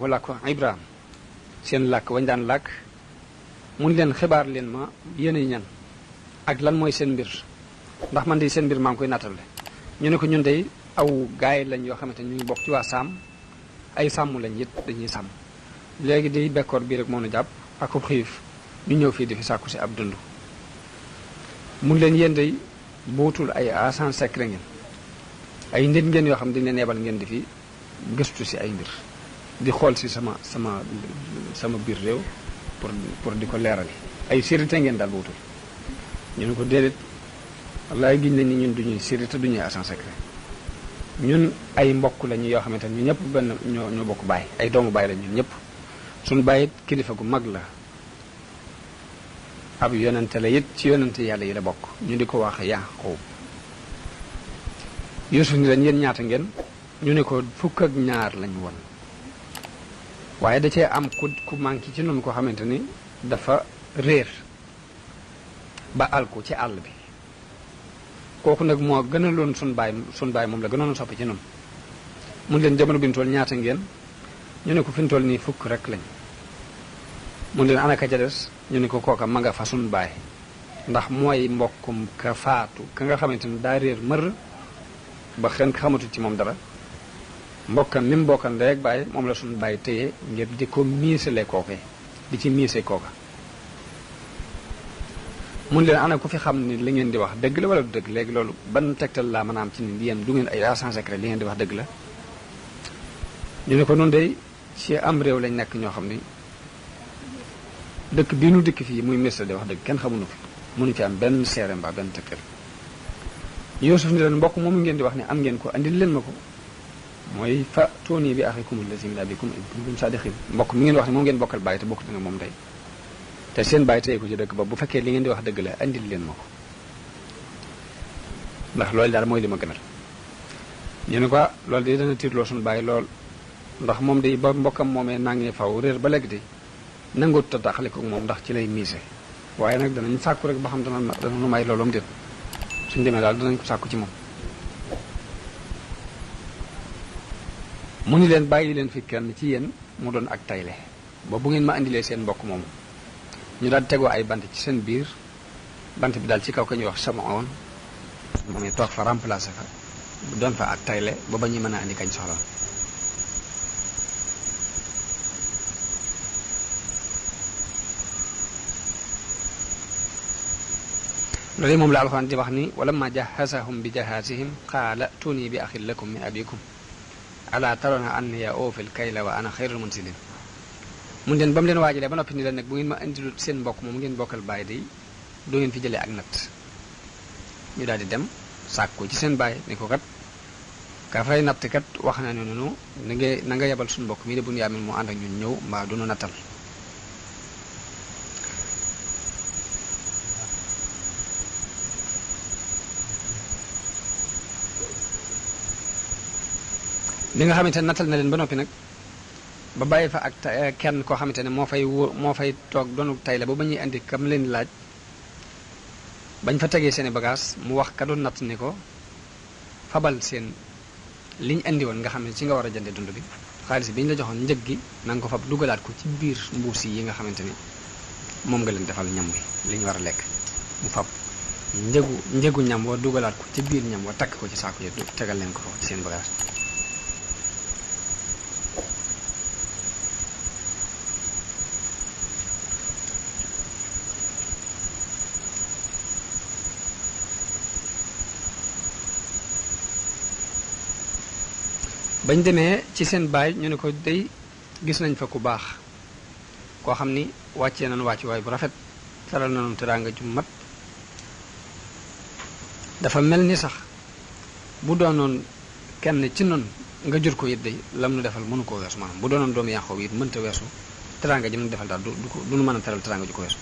wala ko Ibrahima seen làkk wañ daan làkk mun leen xibaar leen ma yéenay ñan ak lan mooy seen mbir ndax man de seen mbir maa ngi koy nattale ñu ne ko ñun de aw gaay lañ yoo xamante ñu ngi bokk ci waa ay sàmm lañ it dañuy sàmm léegi di bekkoor bii moo nu jàpp ak xiif ñu ñëw fii di sàkku si ab dund mun leen yéen de bootul ay agent secret ngeen ay nit ngeen yoo xam dañ leen ebal ngeen di fi gëstu si ay mbir di xool si sama sama sama biir réew pour pour di ko leeral ay sérité ngeen daal ba wutul ñu ne ko déedéet wallaay giñ na ni ñun du ñuy sérité du ñuy agent secret ñun ay mbokk lañu yoo xamante ne ñu ñëpp benn ñoo ñoo bokk baay ay doomu baay la ñun ñëpp suñ baay kilifa gu mag la ab yonente la it ci yonente yàlla yi la bokk ñu di ko wax Yaqub Yuusuf ni leen yéen ñaata ngeen ñu ne ko fukk ak ñaar lañu woon waaye da cee am ku ku manqué ci noonu koo xamante dafa réer ba ko ci àll bi kooku nag moo gën a loon sun baay sun baay moom la gënoon a sopp ci noonu mun leen jamono bi ñu ñaata ngeen ñu ne ko fi ñu toll nii fukk rek lañ mun leen anaka ca des ñu ne ko kooka ma nga fa sun ndax mooy mbokkum ka faatu ka nga xamante ni daa réer ba xen xamatu ci moom dara mbokkam mi mbokkam ndey ak bàyyi moom la suñu bàyyi téye ngir di ko miisale kooke di ci miise kooka mun leen ana ku fi xam ni li ngeen di wax dëgg la wala du dëgg léegi loolu ban tegtal laa mën am ci ni yéen du ngeen ay agent secret li ngeen di wax dëgg la ñu ne ko noonu day ci am réew lañ nekk ñoo xam ni dëkk bii nu dikk fii muy Misra di wax dëgg kenn xamuñu fi mënuñu fi am benn seere mbaa benn tegtal Yuusuf ni leen mbokk moomu ngeen di wax ne am ngeen ko andil leen ma ko mooy fa tooni bi axikum allazi min abikum in kuntum saadiqin mbokk mi ngeen wax ne moom ngeen bokkal bàyyi te bokkut nga moom tey te seen bàyyi tey bu fekkee li ngeen di wax dëgg la leen ma ko ndax mooy li ma gënal ñu ne ko ah, loolu de dana tiirloo suñu bàyyi lool ndax moom de ba mbokkam moomee nangee faw réer ba léegi de nangu ta taxale ko moom ndax ci lay miise waaye nag danañ sàkku rek ba xam dana dana nu may loolu am déet suñ demee daal danañ ko sàkku ci moom mu ni leen bàyyi leen fi kenn ci yéen mu doon ak tayle ba bu ngeen ma indilee seen mbokk moomu ñu daal tegoo ay bant ci seen biir bant bi daal ci kaw ka ñuy wax samaoon mu ngi toog fa remplacé fa doon fa ak tayle ba ba ñuy mën a andi kañ soxla loolu moom la alxuraan di wax ni walamma jahhazahum bi jahaazihim qaala tuuni bi axin lakum min abikum ala tarona anni ya oofil kayla wa ana xayrul munsilin mun leen ba mu leen waajalee ba noppi ni leen nag bu ngeen ma indilu seen mbokk moom ngeen bokkal bàyyi day doo ngeen fi jëlee ak natt ñu daal di dem sàkk ko ci seen baay ni ko kat ka natt kat wax na ne noonu na nga na nga yebal suñu mbokk mi de bu nu amee mu ànd ak ñun ñëw mbaa du nattal li nga xamante ne nattal na leen ba noppi nag ba bàyyi fa ak eh, kenn koo xamante ne moo fay wóor moo fay toog doonu tay la ba ba ñuy indi kam leen laaj bañ fa tegee seeni bagaas mu wax ka doon natt ni ko fabal seen li ñu indi woon nga xam ne ci nga war a jënde dund bi xaalis bi ñu la joxoon njëg gi na nga ko fab dugalaat ko ci biir mbuus yi nga xamante ni moom nga leen defal ñam wi li ñu war a lekk mu fab njëgu njëgu ñam wa dugalaat ko ci biir ñam wa takk ko ci saako yi tegal leen ko ci seen bagage bañ demee ci seen baay ñu ne ko day gis nañ fa ku baax koo xam ni wàccee nañ wàcc waay bu rafet teral nañu teraanga ju mat dafa mel ni sax bu doonoon kenn ci noon nga jur ko it day lam nu defal mënu koo weesu maanaam bu doonoon doomu yàqoo bi mënta weesu teraanga ji nu defal daal du ko du nu mën a teral teraanga ju ko weesu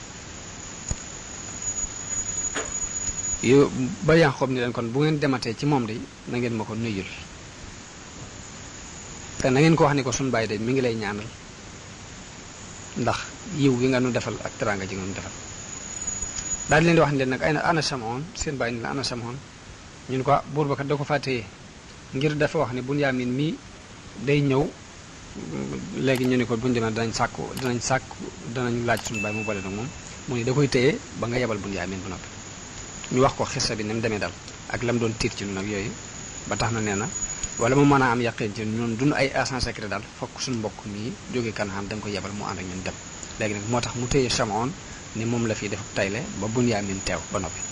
yo ba yàqoob ni leen kon bu ngeen dematee ci moom day na ngeen ma ko nuyul te na ngeen ko wax ni ko suñu bàyyi de mu ngi lay ñaanal ndax yiw gi nga nu defal ak teraanga ji nga nu defal daal di leen di wax ni leen nag ay na ana samoon seen bàyyi ni la ana samoon ñun ko ah, buur ba da ko fàttee ngir dafa wax ni Bunyamin mii day ñëw léegi ñu ni ko buñ demee danañ sàkku danañ sàkk danañ laaj suñu bàyyi mu boole nag moom mu ni da koy téye ba nga yebal Bunyamin bu noppi ñu wax ko xissa bi ni mu demee dal ak lam doon tiit ci lu nag yooyu ba tax na nee na wala mu mën a am yàqeen ci ñun dunu ay agent secret daal fokk suñu mbokk mii jógee Kanaan da ko yebal mu ànd ak ñun dem léegi nag moo tax mu téye Chamoun ni moom la fi def tayle ba Bunyamin teew ba noppi